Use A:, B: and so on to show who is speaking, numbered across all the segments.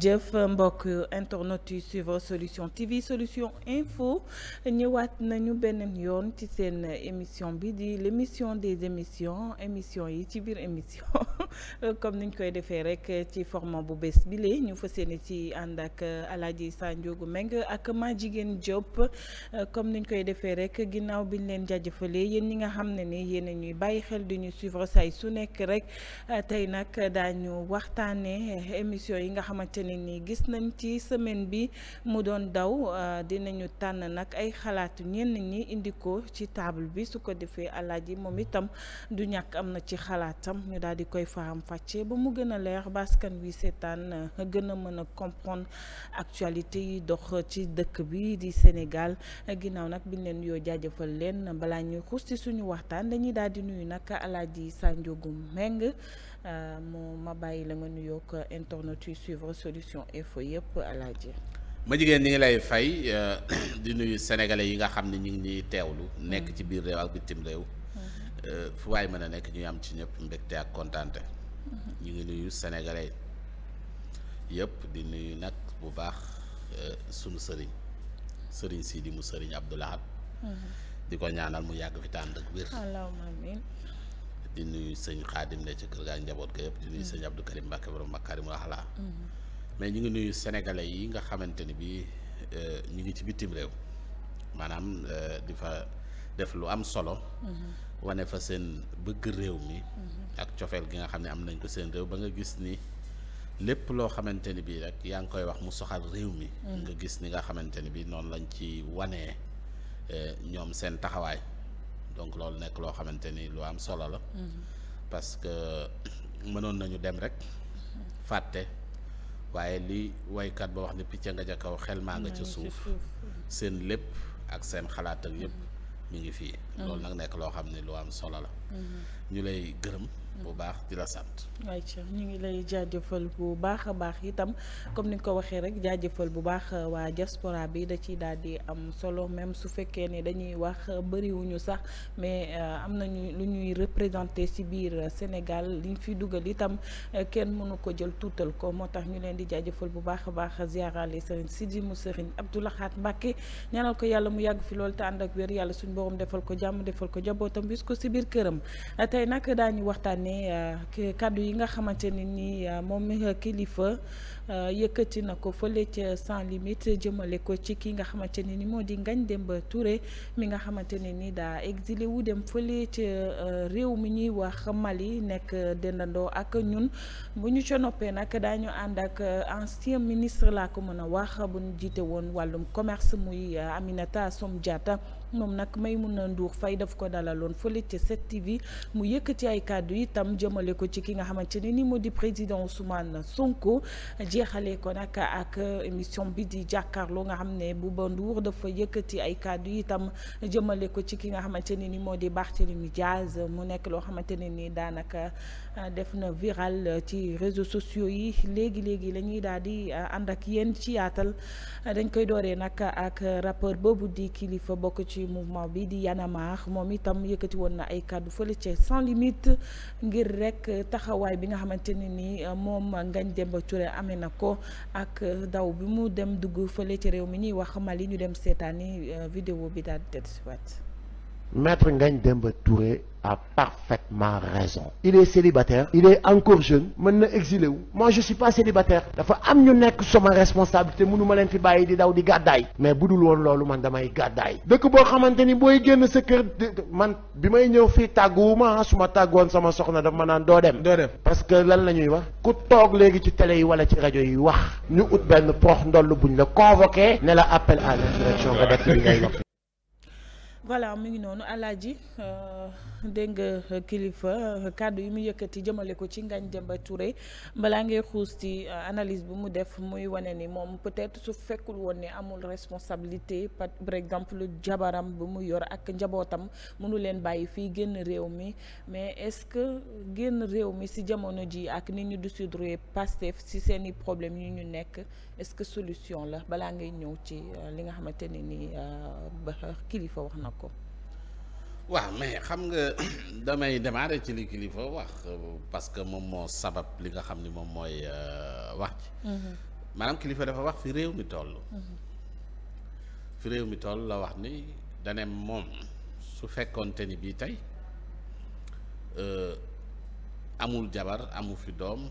A: jëf mbokk internet yu suivre solution TV solution info ñëwaat nañu beneen yoon ci seen émission bi di émission des émissions émission yi ci biir émission comme niñ koy defee rek ci format bu bees bi lee ñu fas yéene ci ànd ak Alaaji Sanjoogu Meng ak ma jigéen Diop comme niñ koy defee rek ginnaaw biñ leen jaajëfalee yéen ñi nga xam ne ni yéen a ñuy bàyyi xel di ñu suivre say su nekk rek tey nag daañu waxtaanee émission yi nga xamante ni ne nii gis nañ ci semaine bi mu doon daw euh, dinañu tànn nag ay xalaatu ñenn ñi indi ko ci table bi su ko defee ji moom itam du ñàkk am na ci xalaatam ñu daal di koy faram fàcce ba mu gën a leer baskan wi seetaan euh, gën a mën a comprendre actualité yi dox ci dëkk bi di Sénégal ginnaaw nag biñ leen yoo jaajëfal leen balaa ñuy xuus ci suñu waxtaan dañuy daal di nuyu nag alaaji Sanjogum Meng Euh, mu ma bàyyi la nga nuyoo ak euh, internet suivre solution info yëpp alaaji
B: ma jigéen ñi ngi lay fay euh, di nuyu sénégalais yi nga xam ne ñu ngi ñuy teewlu nekk mm. ci biir réew ak bitim réew mm-hmm. fu waay mën a nekk ñu am ci ñëpp mbégte ak kontaante mm-hmm. ñu ngi nuyu sénégalais yëpp di nuyu nag bu baax sunu sëriñ sëriñ di mu sëriñ Abdoulahat mm-hmm. di ko ñaanal mu yàgg fi tànn ak di nuyu sëñ xaadim ne ci kër gaa njaboot ga yëpp di nuyu sëñ Abdou Karim Mbacke borom Makaarimul Axlaaq mm-hmm. mais ñu ngi nuyu sénégalais yi nga xamante ni bi euh, ñu ngi ci bitim réew maanaam euh, di fa def lu am solo mm-hmm. wane fa seen bëgg réew mi mm-hmm. ak cofeel gi nga xam ne am nañ ko seen réew ba nga gis ni lépp loo xamante ni bii rek yaa ngi koy wax mu soxal réew mi nga gis ni nga xamante ni bi noonu lañ ci wanee euh, ñoom seen taxawaay donc loolu nekk loo xamante ni lu am solo la.
C: Mm-hmm.
B: que mënoon nañu dem rek. fàtte waaye li waykat ba wax ni picc nga ca kaw xel maa nga ca suuf. seen lépp ak seen xalaat ak yëpp mm-hmm. mi ngi fii. Mm-hmm. loolu nag nekk loo xam ne lu am solo la. ñu lay gërëm. bu baax di la sant.
A: waay ñu ngi lay jaajëfal bu baax a baax itam comme ni nga ko waxee rek jaajëfal bu baax euh, waa diaspora bi da ciy daal di am solo même su fekkee ne dañuy wax euh, bëriwuñu sax mais euh, am nañu lu ñuy représenté ci biir Sénégal liñ fi dugal itam kenn mënu ko jël tuutal ko moo tax ñu leen di jaajëfal bu baax a baax ziarale Serigne Sidi mu Serigne Abdou Lahad Mbacké ñaanal ko yàlla mu yàgg fi loolu te ànd ak wér yàlla suñu borom defal ko jàmm defal ko jabootam bis ko ci biir këram tey nag daañu waxtaanee. ne euh, kàddu yi nga xamante ne ni euh, moom kilifa euh, yëkkati na ko fële ca sans limite jëmale ko ci ki nga xamante ni ni moo di Ngagne Demba Touré mi nga xamante ne nii daa exilé wu dem fële ca réew mi ñuy wax Mali nekk dendandoo ak ñun bu ñu ca noppee nag daañu ànd ak ancien ministre laa ko mën a wax bu ñu jiite woon wàllum commerce muy Aminata Assome Diatta moom nag may Maimouna Ndour fay daf ko dalaloon fële ca 7TV mu yëkkati ay kàddu itam jëmale ko ci ki nga xamante ne nii moo di président na sunk jeexalee ko nag ak émission bi di jàkkaarloo nga xam ne bu Bouba Ndour dafa yëkkati ay kàddu itam jëmale ko ci ki nga xamante ne ni moo di Barthélémy Diaz mu nekk loo xamante ne nii daanaka. Euh, def na viral euh, ci réseaux sociaux yi léegi léegi lañuy ñuy daal di euh, ànd ak yéen ci yaatal dañ koy dooree nag ak rappeur boobu di kilifa bokk ci mouvement bi di yanamaax moom itam yëkkati woon na ay kàddu fële ci sans limite ngir rek taxawaay bi nga xamante ne ni moom ngañ Demba Touré amee na ko ak daw bi mu dem dugg fële ci réew mi ñuy wax Mali ñu dem seetaani vidéo bi daal di tëdd waat
D: Maître Ngagne Demba Touré a parfaitement raison il est célibataire il est encore jeune mën na exilé wu moi je suis pas célibataire dafa am ñu nekk sama responsabilité mënu ma leen fi bàyyi di daw di gàddaay mais bu dul woon loolu man damay gàddaay dëkk boo xamante ni booy génn sa kër man bi may ñëw fii tàgguwu
B: ma ah, su ma tàggoon sama soxna daf ma naan doo dem doo dem parce que lan la ñuy wax ku toog léegi ci télé yi
D: wala ci rajo yi wax ñu ut benn poox ndoll buñ la convoqué ne la appel à l'insurrection
A: voilà mu ngi noonu alaaji euh, dégg nga euh, kilifa euh, kàddu yi mu yëkkati jëmale ko ci Ngagne Demba Touré balaa ngay xuus ci analyse bu mu def muy wane ni moom peut-être su fekkul woon ne amul responsabilité par exemple jabaram bu mu yor ak njabootam mënu leen bàyyi fii génn réew mi mais est-ce que génn réew mi si jamono ji ak ni ñu dissoudre Pastef si seeni problème yi ñu nekk est-ce que solution la balaa ngay ñëw ci euh, li nga xamante ne ni euh, ba kilifa wax na ko.
B: waaw mais xam nga damay démarrer ci li kilifa wax euh, parce que moom moo sabab li nga xam ni moom mooy wax ci. Mhm. maanaam kilifa dafa wax fi réew mi toll. Mhm. fi réew mi toll la wax ni dane moom su fekkoonte ni bii tey amul jabar amu fi doom.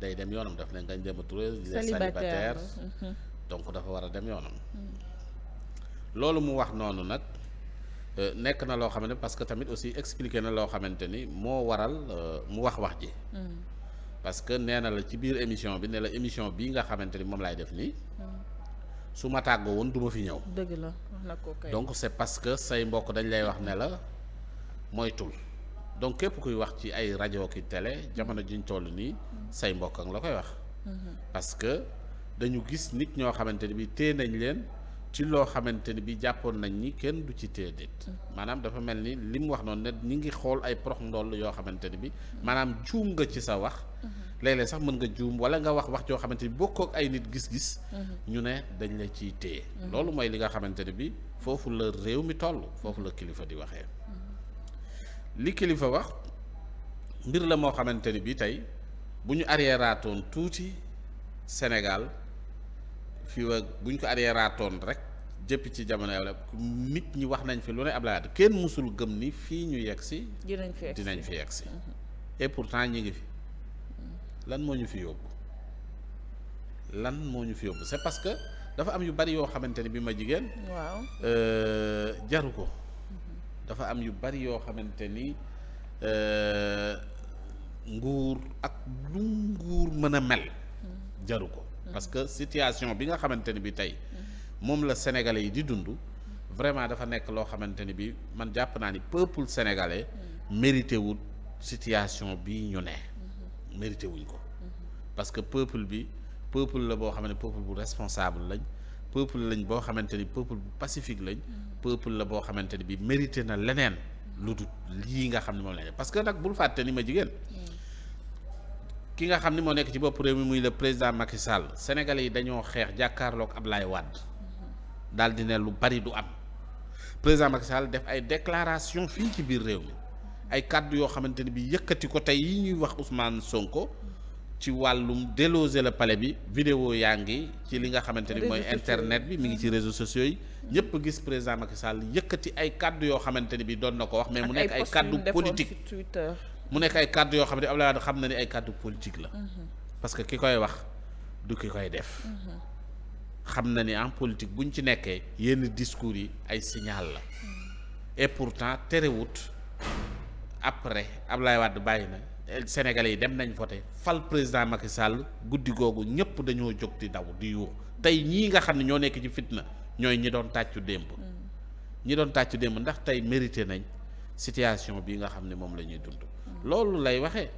B: day dem yoonam daf ne Ngagne Demba Touré il donc dafa war a dem yoonam mm. loolu mu wax noonu nag euh, nekk na loo xam ne parce que tamit aussi expliqué na loo xamante ni moo waral euh, mu wax wax ji mm. parce que nee na la ci biir émission bi ne la émission bii nga xamante ni moom laay def nii mm. su ma tàggoo woon du ma fi ñëw
A: dëgg la donc
B: c'est parce que say mbokk dañ lay wax ne la moytul donc képp kuy wax ci ay rajo ki télé jamono jiñ toll nii say mbokk ak la koy wax. Mhm. parce que dañu gis nit ñoo xamante ni bi téye nañ leen ci loo xamante ni bi jàppoon nañ ni kenn du ci téye déet. Mhm. maanaam dafa mel ni li mu wax noonu ne ñi ngi xool ay prox ndoll yoo xamante ni bi mhm. maanaam juum nga ci sa wax. léeg-léeg sax mën nga juum wala nga wax wax joo xamante ni bokkoo ak ay nit gis-gis. ñu ne dañ la ciy téye. loolu mooy li nga xamante ni bi foofu la réew mi toll foofu la kilifa di waxee. li kilifa wax mbir la moo xamante ni bii tey bu ñu arriéraatoon tuuti Sénégal fii ak bu ñu ko arriéraatoon rek jëpp ci jamono la nit ñi wax nañ fi lu ne Abdoulaye Wade kenn mësul gëm ni fii ñu yegg si. dinañ fi yegg si fi yegg si mm-hmm. et pourtant ñi ngi fi mm-hmm. lan moo ñu fi yóbbu lan moo ñu fi yóbbu c'est parce que dafa am yu bari yoo xamante ni bi ma jigéen. waaw euh, jaru ko. dafa am yu bari yoo xamante ni euh, nguur ak lu nguur mën a mel jaru ko parce que situation bi nga xamante ni bi tey moom la sénégalais yi di dund vraiment dafa nekk loo xamante ni bi man jàpp naa ni peuple sénégalais mérité wul situation bi ñu ne mérité wuñ ko parce que peuple bi peuple la boo xam ne peuple bu responsable lañ peuple lañ boo xamante ni peuple bu pacifique lañ mm. peuple la boo xamante ni bi mérité na leneen mm. lu dul yi nga xam ne moom parce que nag bul fàtte ni ma jigéen mm. ki nga xam ni moo nekk ci bopp réew mi muy le président Macky Sall sénégalais yi dañoo xeex jàkkaarloog Ablaye Wade mm-hmm. daal di ne lu bari du am président Macky def ay déclaration fii ci biir réew mi mm-hmm. ay kàddu yoo xamante bi yëkkati ko tey yi ñuy wax Ousmane Sonko ci wàllum déloger la pale bi vidéo yaa ngi ci li nga xamante ni mooy internet bi mu ngi ci réseau sociaux yi ñëpp gis président Macky Sall yëkkati ay kàddu yoo xamante ni bi doon na ko wax mais mu nekk ay kàddu politique mu nekk ay kàddu yoo xam ne Abdoulaye Wade xam na ni ay kàddu politique la mhm. parce que ki koy wax du ki koy def mhm. xam na ni en politique buñ ci nekkee yenn discours yi ay signal la mhm. et pourtant terewut après Abdoulaye Wade bàyyi na Sénégalais yi dem nañ voté fal président Macky sàll guddi googu ñëpp dañoo jóg di daw di yuux tey ñii nga xam ne ñoo nekk ci fitna ñooy ñi doon tàccu démb. Mm. ñi doon tàccu démb ndax tey mérité nañ situation bi nga xam ne moom la ñuy dund. Mm. loolu lay waxee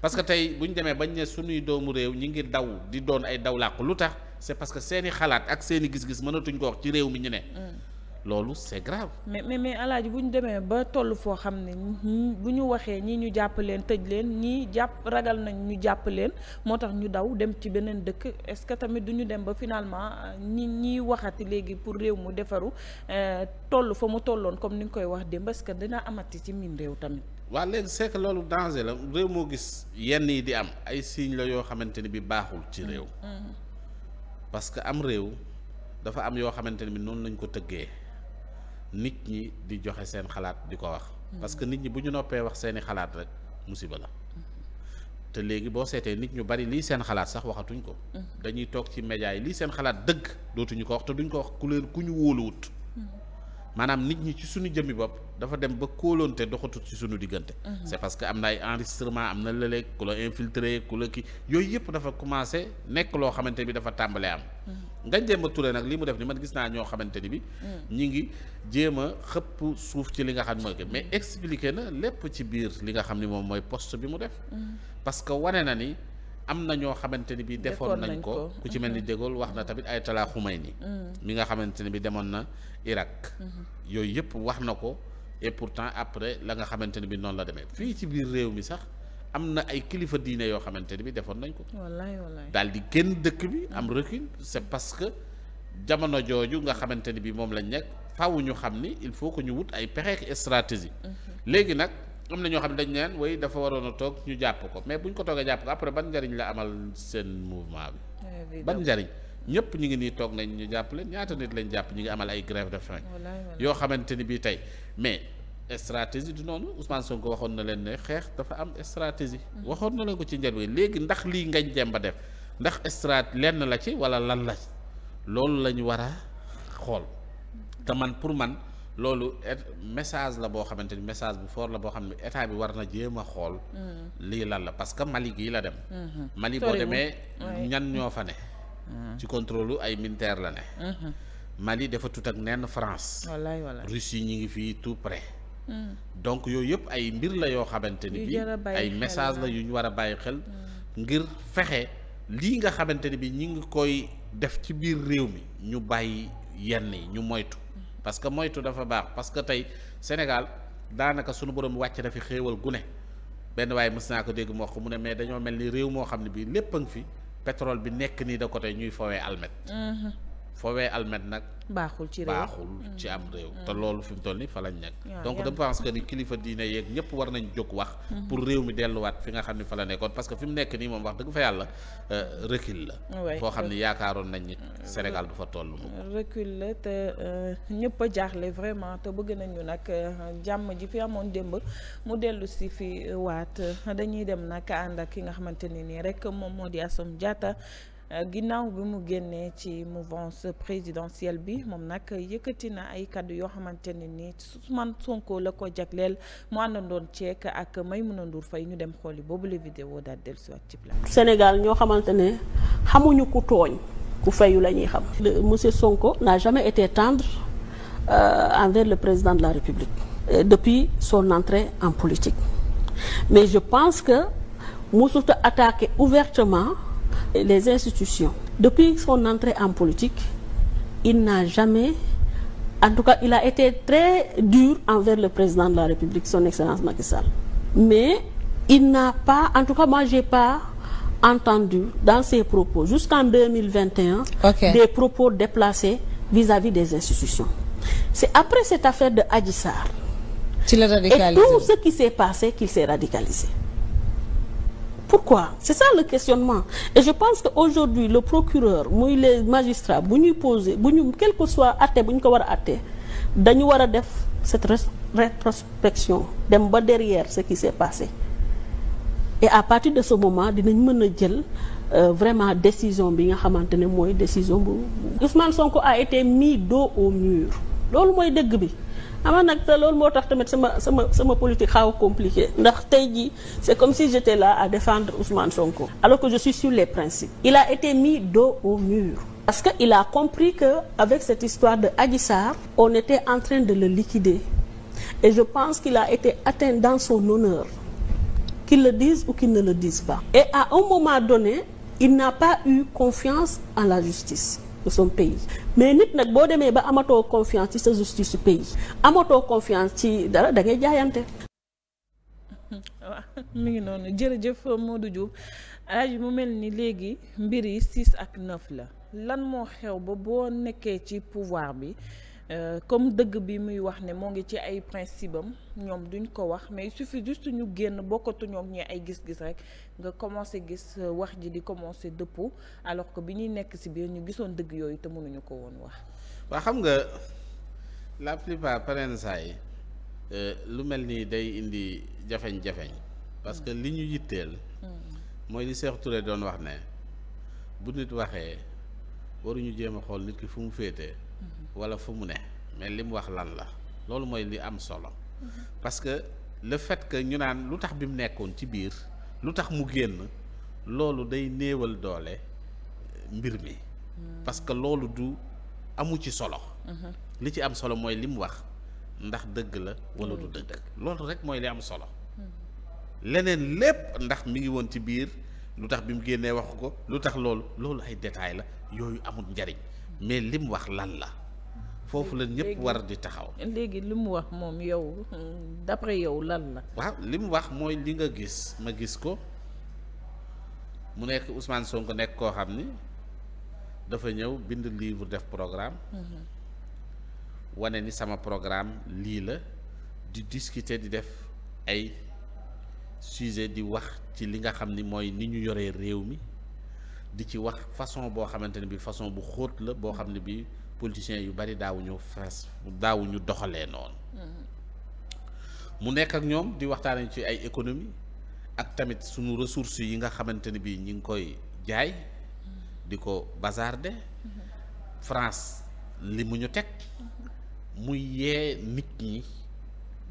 B: parce que tey bu ñu demee bañ ne suñuy doomu réew ñi ngi daw di doon ay daw làq lu tax c'est parce que seeni xalaat ak seeni gis-gis mënatuñ koo wax ci réew mi ñu ne. Mm. loolu c'est grave.
A: mais mais mais alaaji bu ñu demee ba toll foo xam ne bu ñu waxee ñii ñu jàpp leen tëj leen ñii jàpp ragal nañ ñu jàpp leen moo tax ñu daw dem ci beneen dëkk est-ce que tamit du ñu dem ba finalement euh, ñi ñiy waxati léegi pour réew mu defaru euh, toll fa mu tolloon comme ni nga koy wax démb parce que dina amati ci miin réew tamit.
B: waa léegi c'est loolu danger la réew moo gis yenn yi di am ay signes la yoo xamante ni bi baaxul ci réew. Mm, mm. parce que am réew dafa am yoo xamante ni bi noonu lañ ko tëggee. nit ñi di joxe seen xalaat di ko wax. Mm-hmm. parce que nit ñi bu ñu noppee wax seeni xalaat rek musiba la. Mm-hmm. te léegi boo seetee nit ñu bari lii seen xalaat sax waxatuñ ko. Mm-hmm. dañuy toog ci média yi lii seen xalaat dëgg dootuñu ko wax te duñ ko wax ku leen ku ñu wóoluwut. maanaam nit ñi ci suñu jëmmi bopp dafa dem ba kóolonte doxatut ci suñu diggante mhm. c'est parce que am na ay enregistrement am na lëleeg ku la infiltré ku la ki yooyu yëpp dafa commencé nekk loo xamante bi dafa tàmbalee am mhm. nga jéem a turé nag li mu def ni man gis naa ñoo xamante ni bi mhm. ñu ngi jéem a xëpp suuf ci li nga xam ne mooy mais expliqué na lépp ci biir li nga xam ni moom mooy post bi mu def parce que wane na ni am na ñoo xamante ni bi defoon nañ ko ku ci mel ni mm-hmm. De wax na tamit ay talaa xumay ni mm-hmm. mi nga xamante ne bi demoon na Irak mm-hmm. yooyu yëpp wax na ko et pourtant après la nga xamante ne bi noonu la demee fii ci biir réew mi sax am na ay kilifa diine yoo xamante ne bi defoon nañ ko wallaay daal di génn dëkk bi am recul c'est parce que jamono jooju nga xamante ni bi moom lañ nekk faaw ñu xam ni il faut que ñu wut ay pexe stratégie léegi nag am na ñoo xam ne dañ neen way dafa waroon a toog ñu jàpp ko mais bu ñu ko toogee jàpp ko après ban njariñ la amal seen mouvement bi ban njariñ ñëpp ñu ngi nii toog nañ ñu jàpp leen ñaata nit lañ jàpp ñu ngi amal ay grève de faim yoo xamante ni bii tey mais stratégie du noonu Ousmane ko waxoon na leen ne xeex dafa am stratégie mhm. waxoon na leen ko ci njëlbeen léegi ndax lii ngañ jëm ba def ndax strat lenn la ci wala lan la loolu la ñu war a xool te man pour man loolu message la boo xamante ni message bu foor la boo xam ne état bi war na jéem a xool. Mm. lii lan la parce que Mali gii la dem.
C: Mm-hmm. Mali boo demee
B: ñan ñoo fa ne. Mm. ci contrôle ay militaire la ne. Mm-hmm. Mali dafa tut ak nenn France. wallaay wallaay ñu ngi fii tout près. Mm. donc yooyu yëpp ay mbir la yoo xamante ni bi ay message la yu ñu war a bàyyi xel. ngir fexe lii nga xamante ni bi ñu ngi koy def ci biir réew mi ñu bàyyi yenn yi ñu moytu. parce que moytu dafa baax parce que tey Sénégal daanaka sunu borom wàcc wàccee fi xéewal gu ne benn waaye mës naa ko dégg moo ko mu ne mais dañoo mel ni réew moo xam ne bii lépp a ngi fi pétrole bi nekk nii da ko tey ñuy fowee almet mhm. foowee almet nag.
A: baaxul ci réew baaxul
B: ci am réew. Mm. te loolu fi mu toll nii fa lañ nekk. donc je pense que ni kilifa diine yeeg ñëpp war nañ jóg wax. Mm-hmm. pour réew mi delluwaat fi nga xam ne fa la nekkoon parce que fi mu nekk nii moom wax dëgg fa yàlla euh, recul la. foo xam ne yaakaaroon nañ ni mm. Sénégal du fa toll.
A: recul la te euh, ñëpp a jaaxle vraiment te bëgg nañu nag euh, jàmm ji fi amoon démb mu dellu si fi waat dañuy dem nag ànd ak ki nga xamante ne nii rek moom moo di Assome Diatta. Euh, ginnaaw bi mu génnee ci mouvance présidentielle bi moom nag yëkkati na ay kaddu yoo xamante ne ni man Sonko la ko jagleel mu àndandoon ceek ak Maimouna Ndour Faye ñu dem xooli boobu la vidéo daal dellusiwaat ci plan Sénégal
E: ñoo xamante ne xamuñu ku tooñ ku fayu la ñuy xam monsieur Sonko n'a jamais été tendre euh, envers le président de la République euh, depuis son entrée en politique mais je pense que musuta attaqué ouvertement les institutions. Depuis son entrée en politique, il n'a jamais, tout cas, il a été très dur envers le président de la République, son Excellence Macky Mais il n'a pas, en tout cas, moi, j'ai pas entendu dans ses propos, jusqu'en 2021, okay. des propos déplacés vis-à-vis -vis des institutions. C'est après cette affaire de Hadjissar et tout ce qui s'est passé qu'il s'est radicalisé. pourquoi c'est ça le questionnement et je pense que aujourd'hui le procureur muy les magistrats bu ñuy poser bu ñu quel que soit atte bu ñu ko war a atte dañu war a def cette rétrospection dem ba derrière ce qui s'est passé et à partir de ce moment dinañ mën a jël euh, vraiment décision bi nga xamante ne mooy décision bu Ousmane Sonko a été mis dos au mur loolu mooy dégg bi aman nag te loolu moo tax tamit sama sama sama politique xaw a compliqué ndax tey jii c'est comme si j'étais là à défendre Ousmane Sonko alors que je suis sur les principes il a été mis dos au mur parce que il a compris que avec cette histoire de Adji Sarr on était en train de le liquider et je pense qu'il a été atteint dans son honneur qu'il le dise ou qu'il ne le dise pas et à un moment donné il n'a pas eu confiance en la justice de son pays mais nit nag boo demee ba amatoo confiance ci sa justice su pays amatoo confiance ci dara dangay jaayante.
A: waaw ngi noonu jërëjëf Modou Diouf alaaji mu mel ni léegi mbir yi six ak neuf la lan moo xew ba boo nekkee ci pouvoir bi. Euh, comme dëgg bi muy wax ne moo ngi ci ay principe ñoom duñ ko wax mais il suffit juste ñu génn bokkatu ñi ay gis-gis rek nga commencé gis euh, wax ji di commencé dëppoo alors que bi ñuy nekk si biir ñu gisoon dëgg yooyu te mënuñu ko woon wax.
B: waa xam nga la plupart parents saa yi euh, lu mel nii day indi jafeñ-jafeñ parce que li ñu yitteel. Hmm. mooy li Cheikh Touré doon wax ne bu nit waxee waruñu jéem a xool nit ki fu mu féetee. wala fu mu ne mais li wax lan la loolu mooy li am solo parce que le fait que ñu naan lu tax bi mu nekkoon ci biir lu tax mu génn loolu day néewal doole euh, mbir mi hmm. parce que loolu du amu ci solo hmm. li ci am solo mooy li mu wax ndax dëgg la wala du hmm. dëgg loolu rek mooy li am solo leneen lépp ndax mi ngi woon ci biir lu tax bi mu génnee waxu ko lu tax loolu loolu ay détails la yooyu amul njariñ mais lim wax lan la foofu la ñëpp war di taxaw.
A: léegi li mu wax moom yow hmm, d'après yow lan la.
B: waaw li mu wax mooy li nga gis ma gis ko mu nekk Ousmane Sonko nekk koo xam ni dafa ñëw bind livre def programme. Hmm. wane ni sama programme lii la di discuter di def ay sujet di wax ci li nga xam ni mooy ni ñu yoree réew mi di ci wax façon boo xamante ne bi façon bu xóot la boo xam ne bi politiciens yu bari daawuñu fas daawuñu doxalee noonu. mu nekk ak ñoom di waxtaanee ci ay économie ak tamit suñu ressource yi nga xamante ne bii ñi ngi koy jaay di ko bazarder France li mu ñu teg muy yee nit ñi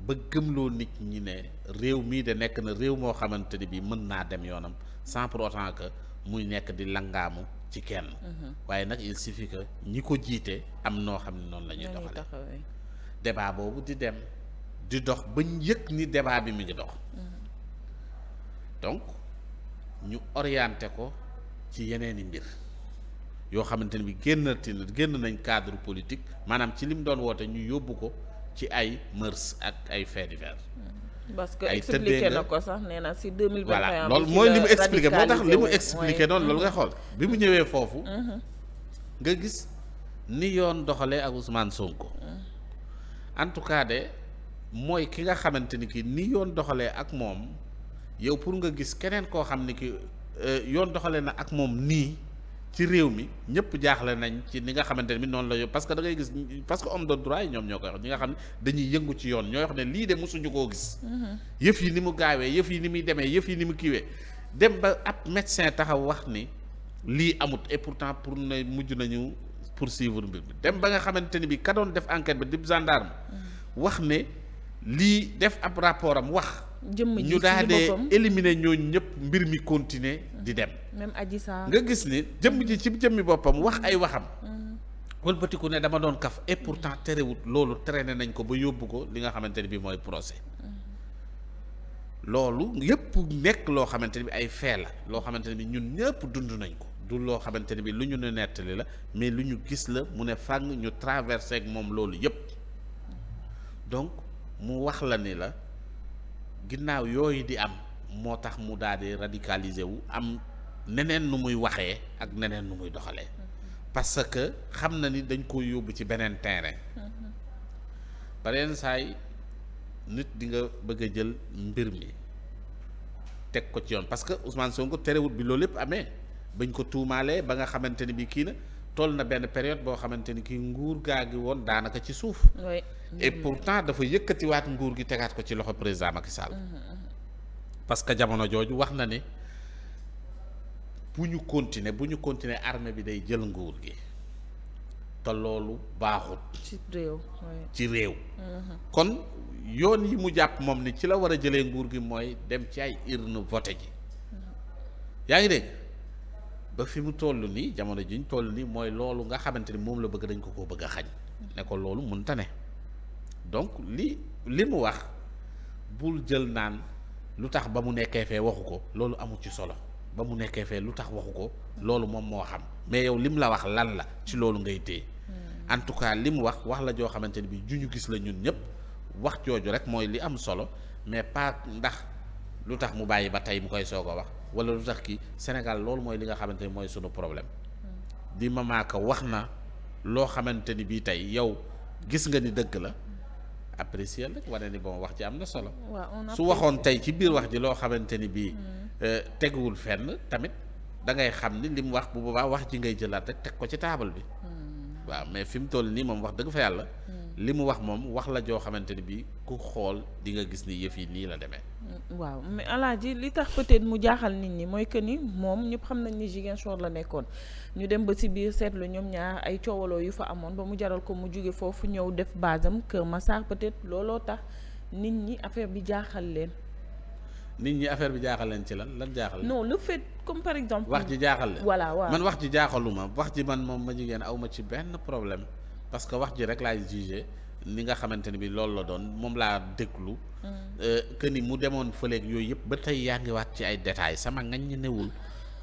B: ba gëmloo nit ñi ne réew mii de nekk na réew moo xamante ne bii mën naa dem yoonam sans pour autant que muy nekk di langaamu. ci kenn. waaye nag il suffit que ñi ko jiite am noo xam ne noonu la ñuy doxale débat boobu di dem di dox bañ yëg ni débat bi mu ngi dox. donc ñu orienté ko ci yeneeni mbir yoo xamante ne bi génn na génn nañ cadre politique maanaam ci li mu doon woote ñu yóbbu ko ci ay mœurs ak ay faits divers. parce que expliqué na ko
A: sax nee na si 2021 voilà loolu mooy li mu expliqué moo tax li mu expliqué noonu loolu nga xool
B: bi mu ñëwee foofu mhm. nga gis ni yoon doxalee ak Ousmane Sonko en tout cas de mooy ki nga xamante ni ki ni doxalee ak moom yow pour nga gis keneen koo xam ni ki euh, yoon doxalee na ak moom nii ci réew mi ñëpp jaaxle nañ ci ni nga xamante ni noonu la yo parce que da ngay gis parce que homme de droit yi ñoom ñoo koy wax ñi nga xam ne dañuy yëngu ci yoon ñooy wax ne lii de mosuñu koo gis mm-hmm. yëf yi ni mu gaawee yëf yi ni muy demee yëf yi ni mu kiiwee dem ba ab médecin taxaw wax ni lii amut et pourtant pour ne mujj nañu pour poursuivre mbir mi dem ba nga xamante ni bi ka doon def enquête bi di gendarme mm-hmm. wax ne lii def ab rapport am wax
A: jëmm ji ñu daal di
B: éliminer ñooñu ñëpp mbir mi continuer di dem.
A: même Adji Sarr nga gis
B: ni jëmm ji ci jëmmi boppam wax ay waxam. Mm-hmm. walbatiku ne dama doon kaf et pourtant terewut loolu traîné nañ ko ba yóbbu ko li nga xamante ne bii mooy procès
C: mm-hmm.
B: loolu yëpp nekk loo xamante ne bi ay fee la loo xamante ne bi ñun ñëpp dund nañ ko du loo xamante ne bi lu ñu ne nettali la mais lu ñu gis la mu ne fàng ñu traversé ak moom loolu yëpp mm-hmm. donc mu wax la ni la. ginnaaw yooyu di am moo tax mu daal di radicaliser wu am neneen nu muy waxee ak neneen nu muy doxalee parce que xam na ni dañ koy yóbbu ci beneen terrain beneen saay nit di nga bëgg a jël mbir mi teg ko ci yoon parce que Ousmane Sonko terewut bi loolu lépp amee bañ ko tuumaalee ba nga xamante ni bi kii na toll na benn période boo xamante ni kii nguur gaa gi woon daanaka ci suuf.
C: et pourtant
B: dafa yëkkatiwaat nguur gi tegaat ko ci loxo président Macky Sall. Mm-hmm,
C: mm-hmm.
B: parce que jamono jooju wax na ni bu ñu continuer bu ñu continuer armée bi day jël nguur gi te loolu baaxut. ci réew mm-hmm. kon yoon yi mu jàpp moom ni ci la war a jëlee nguur gi mooy dem ci ay urne voté ji yaa ngi dégg. ba fi mu toll nii jamono ji ñu toll nii mooy loolu nga xamante ni moom la bëgg dañ ko ko bëgg a xañ ne ko loolu mun tane donc li li mu wax bul jël naan lu tax ba mu nekkee fee waxu ko loolu amu ci solo ba mu nekkee fee lu tax waxu ko loolu moom moo xam mais yow li mu la wax lan la ci loolu ngay téye hmm. en tout cas li mu wax wax la joo xamante ni bi ju ñu gis la ñun ñëpp wax jooju rek mooy li am solo mais pas ndax lu tax mu bàyyi ba tey mu koy soog a wax wala lu tax kii Sénégal loolu mooy li nga xamante ni mooy sunu problème di mamaaka wax na loo xamante ni bii tey yow gis nga ni dëgg la apprécier rek wane ni bon wax ji am na solo
C: su waxoon tey
B: ci biir wax ji mm. loo xamante ni bii mm. euh, teguwul fenn tamit da ngay xam ni li mu wax bu boobaa wax ji ngay jëlaat rek teg ko ci taabal bi waaw mais fi mu toll nii moom wax dëgg fa yàlla. Hmm. li mu wax moom wax la joo xamante ni bii ku xool di nga gis ni yëf yi nii la demee.
A: Hmm, waaw mais alaaji li tax peut-être mu jaaxal nit ñi mooy que ni moom ñëpp xam nañ ni Ziguinchor la nekkoon ñu dem ba ci biir seetlu ñoom ñaar ay coowaloo yu fa amoon ba mu jaral ko mu jóge foofu ñëw def basam Kër Massar peut-être looloo tax nit ñi affaire bi jaaxal leen.
B: nit ñi affaire bi jaaxal leen ci lan lan jaaxal. non
A: le fait comme par exemple. wax ji jaaxal leen voilà waaw man wax
B: ji jaaxaluma wax ji man moom ma jigéen aw ma ci benn problème parce que wax ji rek laay jugé ni nga xamante ne bi loolu la doon moom laa déglu. Mm. Euh, que ni mu demoon fëleeg yooyu yëpp ba tey yaa ngi waat ci ay détails sama ngañ newul.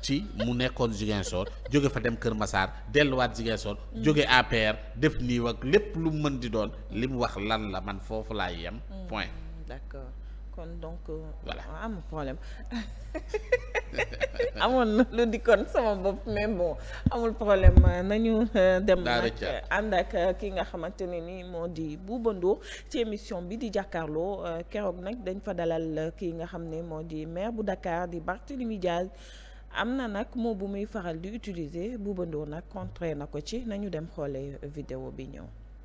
B: ci mu nekkoon Ziguinchor jóge fa dem Kër Massar delluwaat Ziguinchor mm. jóge APR def niiw ak lépp lu mu mën di doon li mu wax lan la man foofu laay yem mm.
A: kon donc. Euh, voilà amul problème amoon na lu di kon sama bopp mais bon amul problème nañu euh, dem. nag euh, ànd ak ki nga xamante ne ni moo di Bouba Ndour ci émission bi di jàkkaarloo keroog nag dañ fa dalal ki nga xam ne moo di maire bu dakaar di Barthélémy Diaz am na nag moo bu muy faral di utiliser Bouba Ndour nag contré na ko ci nañu dem xoolee vidéo bi ñëw.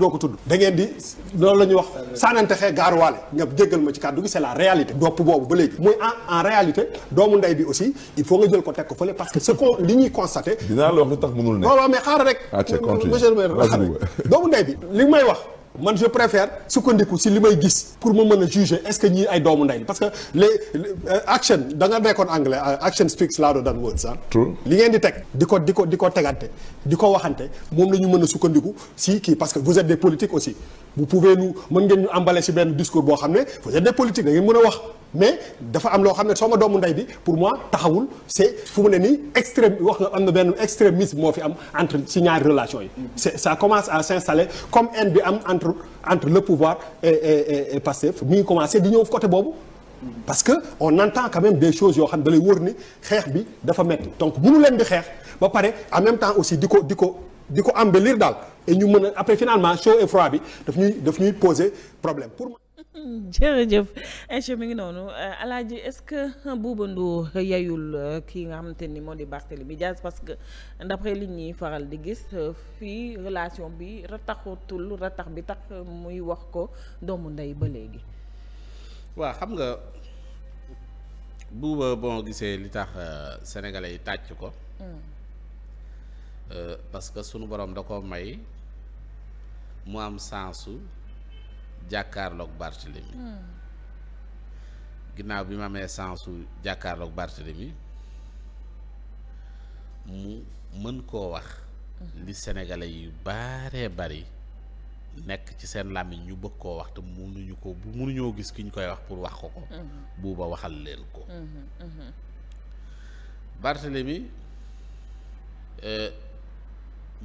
D: doo ko tudd da ngeen di loolu la ñuy wax saanante xee gaaruwaale nga jéggal ma ci kàddu gi c'est la réalité dopp boobu ba léegi muy en en réalité doomu ndey bi aussi il faut nga jël ko teg ko fële parce que ce qu'on li ñuy constaté dinaa la wax lu tax mënul ne non mais xaaral rek monsieur le maire doomu ndey bi li may wax man je préfère sukkandiku si li may gis pour ma mën a juger est-ce que ñii ay doomu ndey parce que les euh, action da nga nekkoon anglais euh, action speaks louder than words ah. true li ngeen di teg di ko di ko di ko tegante di ko waxante moom la ñu mën a sukkandiku si kii parce que vous êtes des politiques aussi vous pouvez nous mën ngeen ñu emballer si benn discours boo xam ne vous êtes des politiques da ngeen mën a wax. mais dafa am loo xam ne soo ma doomu ndey bi pour moi taxawul c'est fu mu ne nii extrême wax nga am na benn extrémisme moo fi am entre ci ñaari relation yi c'est ça commence à s'installer comme haine bi am entre entre le pouvoir et et et Pastef mi commencé di ñëw côté boobu parce que on entend quand même des choses yoo xam da lay wóor ni xeex bi dafa metti donc mënu leen di xeex ba pare en même temps aussi di ko di ko di ko embellir daal et ñu mën a après finalement chaud et bi daf ñuy daf ñuy poser problème pour
A: jërëjëf incha mi ngi noonu euh, alaaji est-ce que Bouba Ndour yayul euh, kii nga xamante ni moo di Barthélémy Dias parce que d'après li ñuy faral di gis euh, fii relation bi rataxutul ratax bi tax muy wax ko doomu ndey ba léegi.
B: waa xam nga Bouba bon gisee li tax sénégalais yi tàcc ko. Hmm. parce que sunu borom da ko may mu am sensu. jàkkaarloog Barthélemy hmm. ginnaaw bi ma amee sensu jàkkaarloog Barthélemy mu mën koo wax hmm. li sénégalais yu baaree bari nekk ci seen làmmiñ ñu bëgg koo wax te mënuñu ko bu mënuñoo gis ki ñu koy wax pour wax ko ko hmm. buuba waxal leen ko Barthélemy eh,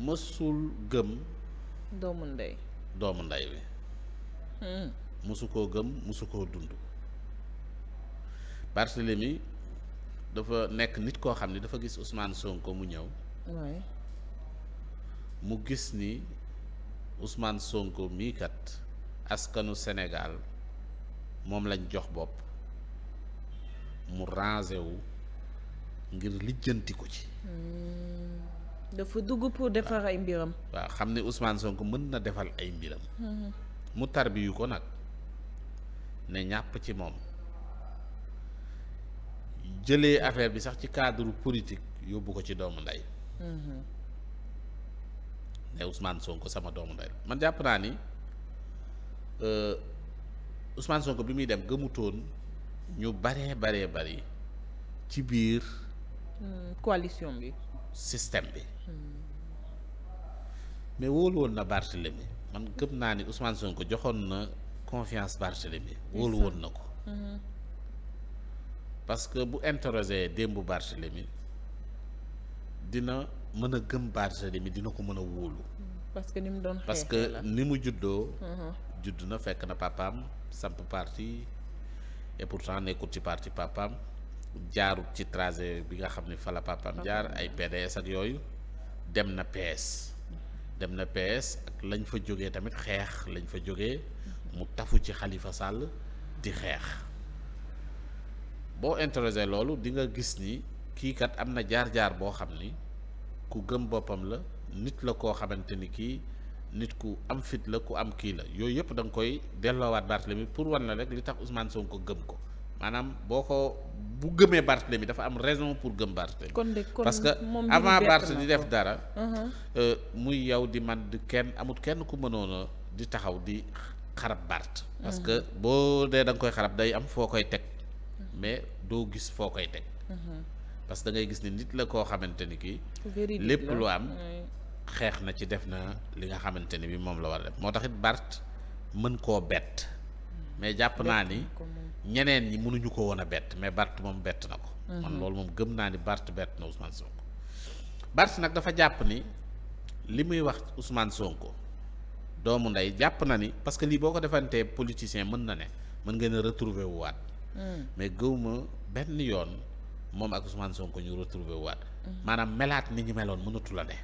B: mësul gëm doomu ndey doomu ndey bi musu koo gëm musu koo dund Barthélemy dafa nekk nit koo xam ne dafa gis Ousmane Sonko mu ñëw mu gis ni usmaan Sonko mii kat askanu Sénégal moom lañ jox bopp mu rangé wu ngir lijjanti ko ci
A: hmm. dafa dugg pour defar ay mbiram
B: waaw xam ni Ousmane sonk mën na defal ay mbiram hmm. mu tarbiyu ko nag ne ñàpp ci moom jëlee affaire bi sax ci cadre politique yóbbu ko ci doomu ndey mhm. ne Ousmane Sonko sama doomu ndey man jàpp naa ni euh, Ousmane Sonko bi muy dem gëmutoon ñu baree baree bari ci biir.
A: Hmm, coalition bi.
B: système bi. Hmm. mais wóolu woon na Barthélemy man gëm naa ni Ousmane ko joxoon na confiance Barthélémy wóolu woon na ko parce que bu interroger démb Barthélémy dina mën a gëm Barthélémy dina ko mën a wóolu
A: parce que ni mu doon parce que
B: ni mu juddoo mhm. judd na fekk na papaam samp parti et pourtant nekkul ci parti papaam jaarut ci trajet bi nga xam ne fa la jaar ay PDS ak yooyu dem na PS dem na PS ak lañ fa jógee tamit xeex lañ fa jógee mu tafu ci xalifa sàll di xeex boo interrogé loolu di nga gis ni kii kat am na jaar-jaar boo xam ni ku gëm boppam la nit la koo xamante ni kii nit ku am fit la ku am kii la yooyu yëpp da nga koy delloowaat mi pour wan la rek li tax Ousmane ko gëm ko maanaam boo ko bu gëmee Barthélemy dafa am raison pour gëm Barthélemy. kon de kon parce que avant Barth di def dara. Uh-huh. Euh, muy yow di man kenn amut kenn ku mënoona di taxaw di xarab Barth. parce que uh-huh. boo dee da koy xarab day am foo koy teg uh-huh. mais doo gis foo koy teg. parce que da ngay gis ni nit la koo xamante ni kii.
C: lépp lu am.
B: xeex na ci def na li nga xamante ni bi moom la war a def moo taxit Barth mën koo bett. mais jàpp naa ni ñeneen ñi mënuñu ko woon a bett mais Bart moom bett na ko. Mhm. man loolu moom gëm naa ni Bart bett na Ousmane Sonko. Bart nag dafa jàpp ni li muy wax Ousmane Sonko doomu ndey jàpp na ni parce que lii boo ko defantee politicien mën na ne mën ngeen a retrouver wu waat. Mhm. mais gëwma benn yoon moom ak Ousmane Sonko ñu retrouver waat. Mhm. maanaam melaat ni ñu meloon mënatu la ne.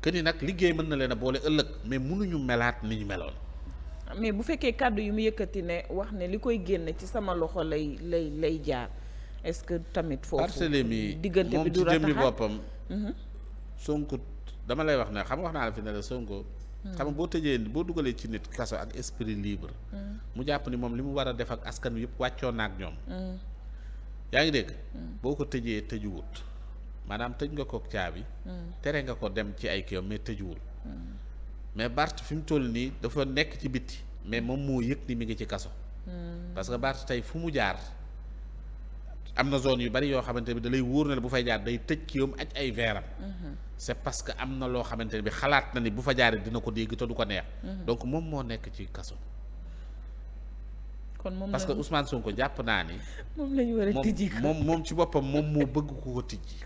B: que ni nag liggéey mën na leen a boole ëllëg mais mënuñu melaat ni ñu meloon.
A: mais bu fekkee kàddu yi mu yëkkati ne wax ne li koy génn ci sama loxo lay lay lay jaar est-ce que tamit. foofu diggante bi du rataxal boppam. Mhm.
B: Sonko dama lay wax ne xam nga wax naa la la Sonko. Hmm. xam nga boo tëjee boo dugalee ci nit kaso ak esprit libre. Hmm. mu jàpp ni moom li mu war a def ak askan wi yëpp wàccoon na ak ñoom. Hmm. yaa ngi dégg. boo ko tëjee tëjuwut maanaam tëj nga ko caabi. tere nga ko dem ci ay kii mais tëjuwul. mais Bart fi mu toll nii dafa nekk ci bitti mais moom moo yëg ni mi ngi ci kaso.
C: Hmm. parce
B: que Bart tey fu mu jaar am na zone yu bari yoo xamante bi da wóor la bu fay jaar day tëj ki ay veeram. Hmm. c'est parce que am na loo xamante ne bi xalaat na ni bu fa jaaree dina ko dégg du ko neex. Hmm. donc moom moo nekk ci kaso. kon moom parce que Ousmane Sonko jàpp naa ni.
A: moom la ñu war a tijji moom
B: moom ci boppam moom moo bëgg ko ko tijji.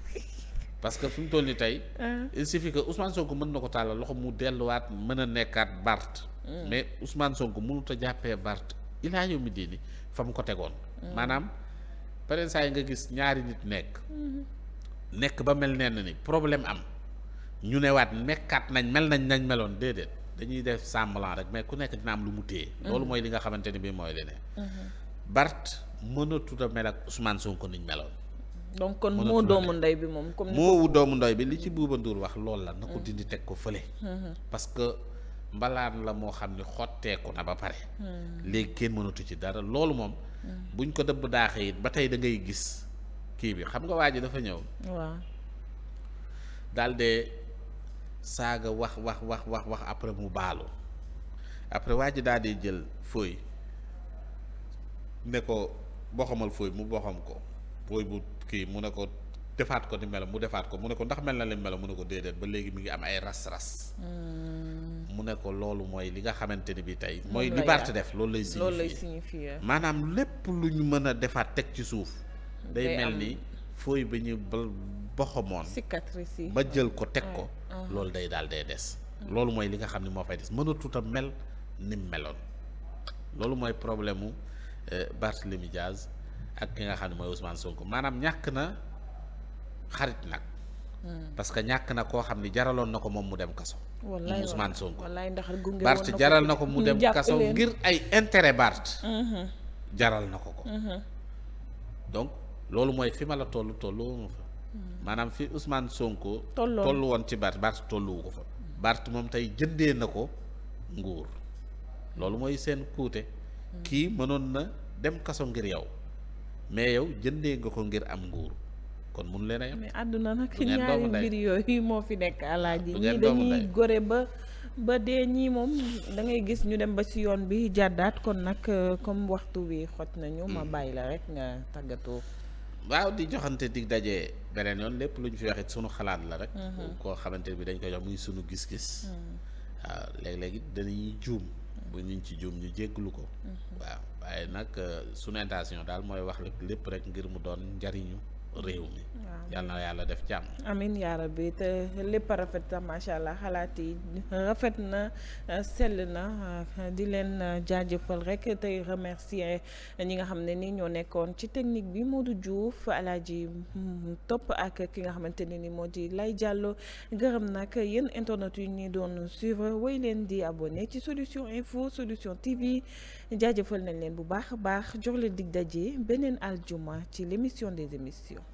B: parce que fi mu toll nii tey. Euh. il suffit que Ousmane mën na ko tàllal loxo mu delluwaat mën a nekkaat Bart. Euh. mais Ousmane Sonko jàppee Bart ilaa yow mi diini fa mu ko tegoon. Euh. maanaam beneen saa yi nga gis ñaari nit nekk. Mm-hmm. nekk ba mel nenn ni problème am ñu newaat nekkaat nañ mel nañ nañ meloon déedéet dañuy def semblant rek mais ku nekk dina am lu mu téye. Mm-hmm. loolu mooy li nga xamante ni bii mooy leneen. Mm-hmm. Bart mënatul a mel ak Ousmane Sonko niñ meloon.
A: donc kon moo doomu ndey bi moom comme moo
B: doomu nday bi li ci Bouba Ndour wax loolu la na ko mm. dindi teg ko fële mm-hmm. parce que mbalaan la moo xam ne xotteeku na ba pare mm. léegi kenn mënatu ci dara loolu moom mm. buñ ko dëbb daaxe it ba tey da ngay gis kii bi xam nga waa ji dafa ñëw waaw daal de saaga wax wax wax wax wax après mu baalu après waa ji daal di jël fooy ne ko boxamal fooy mu boxam ko fooy bu kii mu ne ko defaat ko ni melo mu defaat ko mu ne ko ndax mel na li melo mu ne ko déedéet ba léegi mi ngi am ay ras-ras
C: hmm.
B: mu ne ko loolu mooy li nga xamante ni bi tey mooy li Barth def loolu lay signifier maanaam a defaat teg ci suuf day
A: ko teg ko hmm, hmm. loolu day
B: daal day des loolu mooy li nga xam ne moo fay des mënatut a mel ni meloon loolu mooy problème mu euh, Barthélémy Diaz ak ki nga xam ne mooy Ousmane Sonko maanaam ñàkk na xarit nag. Hmm. parce que ñàkk na koo xam ne jaraloon na ko moom mu dem kaso. wallaay Ousmane Sonko
A: wallaay ndax gunge Bart jaral na ko mu dem kaso ngir ay
B: intérêt Bart. Hmm. jaral na ko ko. Hmm. donc loolu mooy fi ma la toll tollu fa. maanaam fi Ousmane Sonko. tollu woon ci Bart Bart tolluwu ko fa. Bart moom tey jëndee na ko nguur loolu mooy seen kuute. kii mënoon na dem kaso ngir yow. mais yow jëndee nga ko ngir am nguur kon mun leen a mais
A: àdduna nag ñaari mbir yooyu moo fi nekk alaaji ñii dañuy gore ba ba dee ñii moom da ngay gis ñu dem ba ci yoon bi jàddaat kon nag euh, comme waxtu wi xoj nañu. ma mm. bàyyi la rek nga tàggatoo.
B: waaw di joxante dig daje beneen yoon lépp lu ñu fi waxit sunu xalaat la rek. Mm-hmm. koo xamante bi dañ ko jox muy sunu gis-gis. Mm. waaw léegi léeg it dañuy juum. bu ñu ngi ci juum ñu jégglu ko. Mm-hmm. waaw waaye nag euh, sunu intention daal mooy wax rek lépp rek ngir mu doon njariñu réew mi. yàlla yàlla def jàmm.
A: amiin yaa rabbi te lépp rafet na macha allah xalaat yi rafet na sell na di leen jaajëfal rek tey remercier ñi nga xam ne ni ñoo nekkoon ci technique bi moo du Modou Diouf alaaji topp ak ki nga xamante ne ni moo di Lay jàlloo gërëm nag yéen internet yu ñuy doon suivre way leen di abonné ci solution info solution TV. jaajëfal nañ leen bu baax a baax jox leen dig daje beneen aljuma ci l'émission des émissions